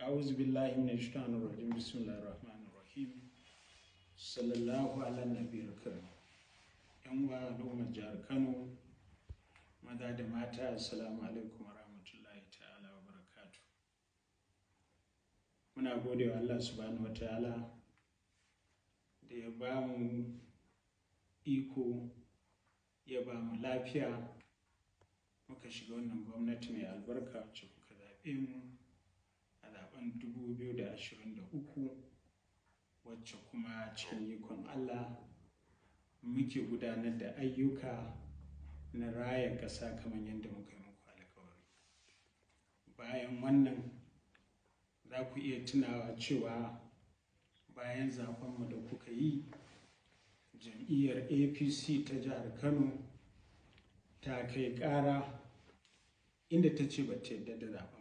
أعوذ بالله من الشيطان الرجيم بسم الله الرحمن الرحيم صلى الله على النبي الكريم yan uwa al'ummar jihar kano maza da mata assalamu alaikum wa rahmatullahi ta'ala wa muna gode wa allah subhanahu wa ta'ala da ya ba mu iko ya ba mu lafiya muka shiga wannan gwamnati mai albarka ce kuka zaɓe mu a zaben 2023 wacce kuma cikin ikon Allah muke gudanar da ayyuka na raya ƙasa kamar yadda muka yi muku alkawari bayan wannan za ku iya tunawa cewa bayan zaɓenmu da kuka yi jam'iyyar apc ta jihar kano ta kai ƙara inda ta ce ba ta yadda da zaɓen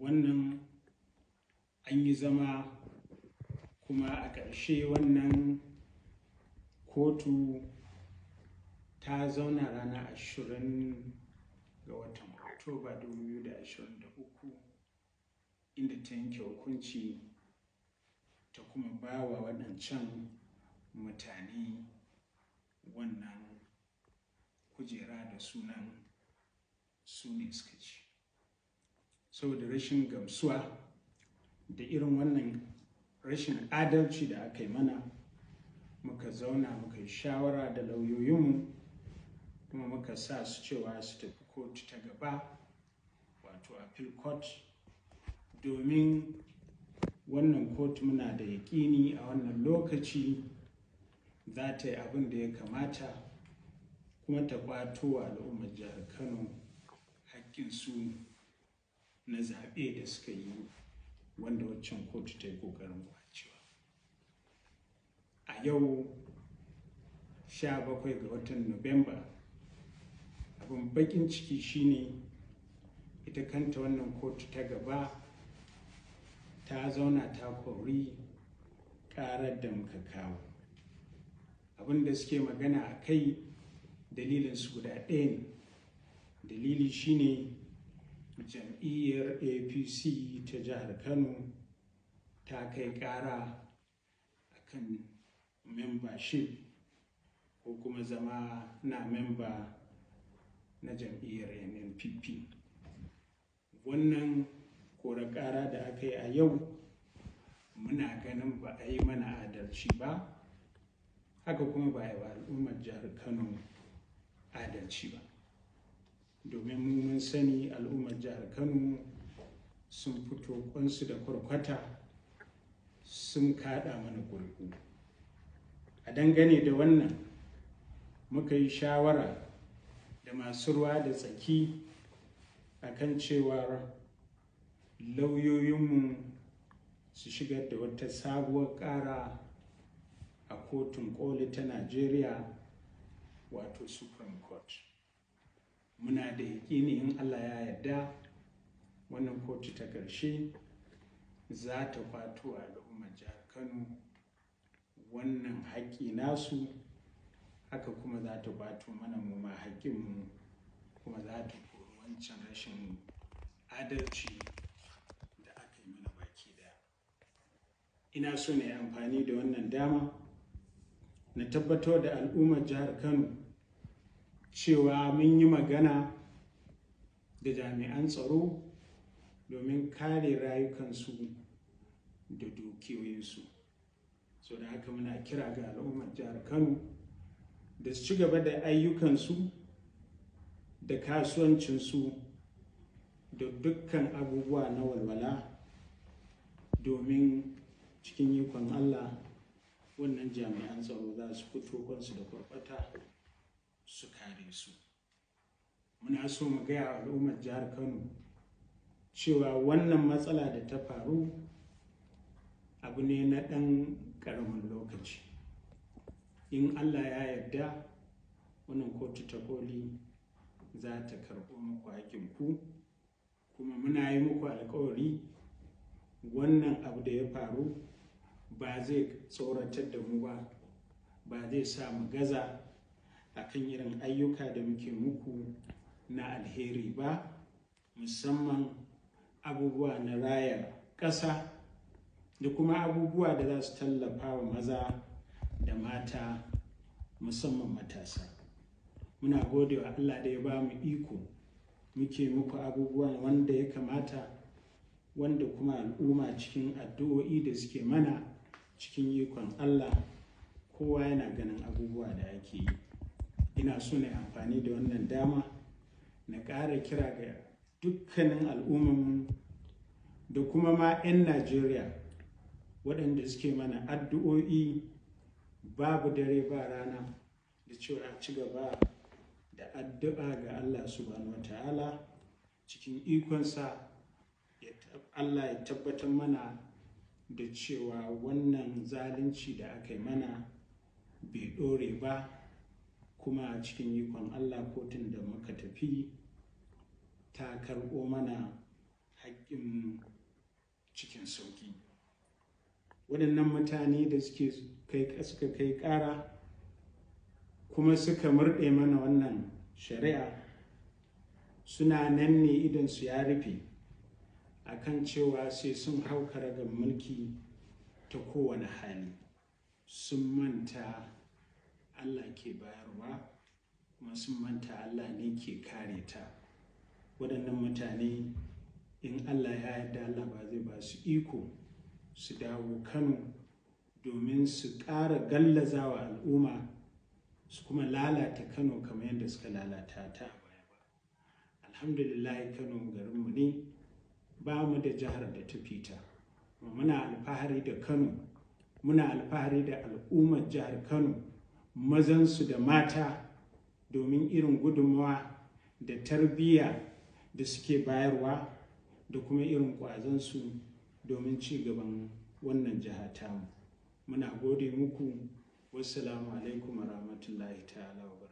wannan an yi zama kuma a ƙarshe wannan kotu ta zauna rana ashirin ga watan oktoba 2023 inda ta yanke hukunci ta kuma ba wa waɗancan mutane wannan kujera da sunan su ne saboda rashin gamsuwa da irin wannan rashin adalci da aka yi mana muka zauna muka yi shawara da lauyoyinmu kuma muka sa su cewa su tafi kotu ta gaba wato appeal court domin wannan kotu muna da yaƙini a wannan lokaci za ta yi abin da ya kamata kuma ta ƙwato al'ummar jihar kano haƙƙinsu na zaɓe da suka yi wanda waccan kotu ta yi ƙoƙarin kwacewa a yau 17 ga watan nuwamba abin bakin ciki shine ita kanta wannan kotu ta gaba ta zauna ta kori karar da muka kawo abin da suke magana a kai dalilin su guda ɗaya ne dalili shine jam'iyyar e apc ta jihar kano ta kai ƙara akan membership ko kuma zama na memba na jam'iyyar nnpp wannan kora ƙara da aka yi a yau muna ganin ba a yi mana adalci ba haka kuma ba a yi wa al'ummar jihar kano adalci ba domin mu mun sani al'ummar jihar kano sun fito kwansu da kwarkwata sun kada mana ƙuri'u a dangane da wannan muka yi shawara da masu ruwa da tsaki a kan cewa lauyoyinmu su shigar da wata sabuwar ƙara a kotun koli ta najeriya wato supreme court muna da yaƙini in allah ya yarda wannan kotu ta ƙarshe za ta kwato al'ummar jihar kano wannan haƙƙi nasu haka kuma za ta bato mana mu ma haƙƙinmu kuma za ta kori wancan rashin adalci da aka yi mana baki daya ina so na yi amfani da wannan dama na tabbatar da al'ummar jihar kano cewa mun yi magana da jami'an tsaro domin kare rayukansu da dukiyoyinsu so da haka muna kira ga al'ummar jihar kano da su ci gaba da ayyukansu da kasuwancinsu da dukkan abubuwa na walwala domin cikin ikon allah wannan jami'an tsaro za su fito kansu da kwarkwata su kare su muna so mu gaya al'ummar jihar kano cewa wannan matsala da ta faru abu ne na ɗan ƙaramin lokaci in allah ya yarda wannan kotu ta koli za ta karɓo muku hakinku kuma muna yi muku alkawari wannan abu da ya faru ba zai tsoratar da mu ba ba zai sa mu gaza akan irin ayyuka da muke muku na alheri ba musamman abubuwa na raya ƙasa da kuma abubuwa da za su tallafa wa maza da mata musamman matasa muna gode wa allah da ya ba mu iko muke muku abubuwa wanda ya kamata wanda kuma al'umma cikin addu'o'i da suke mana cikin ikon allah kowa yana ganin abubuwa da ake yi ina so na amfani da wannan dama na ƙara kira ga dukkanin al'ummanmu da kuma ma 'yan najeriya waɗanda suke mana addu'o'i babu dare ba rana da cewa ci gaba da addu'a ga allah subhanahu wata'ala cikin ikonsa allah ya tabbatar mana da cewa wannan zalunci da aka yi mana bai ɗore ba kuma a cikin ikon allah kotun da muka tafi ta karɓo mana haƙƙin cikin sauƙi waɗannan mutane da suke suka kai ƙara kuma suka murɗe mana wannan shari'a suna nan ne idan su ya rufe a kan cewa sai sun hau karagar mulki ta kowane hali sun manta Allah ke bayarwa kuma sun manta Allah ne ke kare ta waɗannan mutane in Allah ya yarda Allah ba zai ba su iko su dawo Kano domin su ƙara gallazawa al'umma su kuma lalata Kano kamar yadda suka lalata ta baya ba alhamdulillah Kano garinmu ne ba mu da jihar da ta fita muna alfahari da Kano muna alfahari da al'ummar jihar Kano mazansu da mata domin irin gudunmawa da tarbiyya da suke bayarwa da kuma irin ƙwazansu domin ci gaban wannan jiha muna gode muku wassalamu alaikum wa rahmatullahi ta'ala wa